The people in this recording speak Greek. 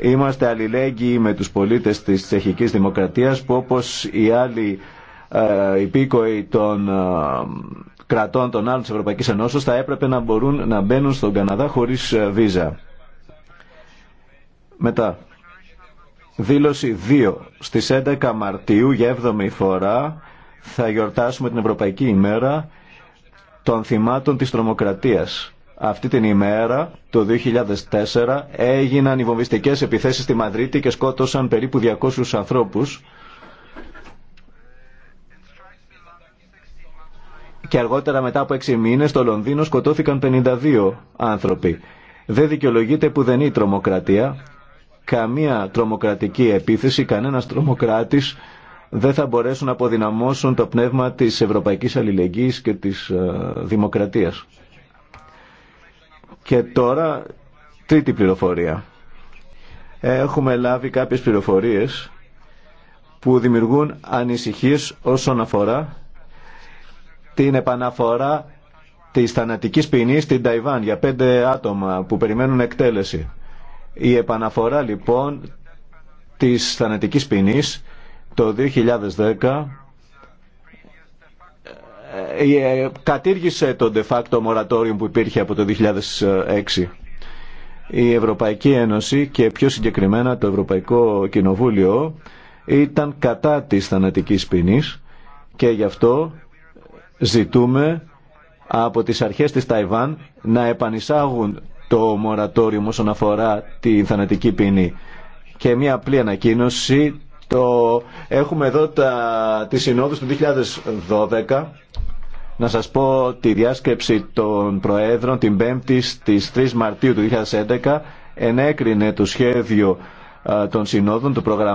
Είμαστε αλληλέγγυοι με τους πολίτες της τσεχικής δημοκρατίας που όπως οι άλλοι ε, υπήκοοι των ε, κρατών των άλλων της Ευρωπαϊκής Ενώσεως θα έπρεπε να μπορούν να μπαίνουν στον Καναδά χωρίς ε, βίζα. Μετά, δήλωση 2. Στις 11 Μαρτίου για 7η φορά θα γιορτάσουμε την Ευρωπαϊκή ημέρα των θυμάτων της τρομοκρατίας. Αυτή την ημέρα, το 2004, έγιναν οι βομβιστικές επιθέσεις στη Μαδρίτη και σκότωσαν περίπου 200 ανθρώπους. Και αργότερα μετά από 6 μήνες στο Λονδίνο σκοτώθηκαν 52 άνθρωποι. Δεν δικαιολογείται που δεν είναι τρομοκρατία. Καμία τρομοκρατική επίθεση, κανένας τρομοκράτης δεν θα μπορέσουν να αποδυναμώσουν το πνεύμα της ευρωπαϊκής αλληλεγγύης και της ε, δημοκρατίας. Και τώρα τρίτη πληροφορία. Έχουμε λάβει κάποιες πληροφορίες που δημιουργούν ανησυχίες όσον αφορά την επαναφορά της θανατικής ποινή στην Ταϊβάν για πέντε άτομα που περιμένουν εκτέλεση. Η επαναφορά λοιπόν της θανατικής ποινή το 2010 ε, ε, κατήργησε το de facto moratorium που υπήρχε από το 2006. Η Ευρωπαϊκή Ένωση και πιο συγκεκριμένα το Ευρωπαϊκό Κοινοβούλιο ήταν κατά της θανατικής ποινής και γι' αυτό ζητούμε από τις αρχές της Ταϊβάν να επανισάγουν το μορατόριο όσον αφορά τη θανατική ποινή. Και μια απλή ανακοίνωση το... Έχουμε εδώ τα... τις συνόδους του 2012 να σας πω τη η διάσκεψη των Προέδρων την 5η στις 3 Μαρτίου του 2011 ενέκρινε το σχέδιο των συνόδων του προγράμματος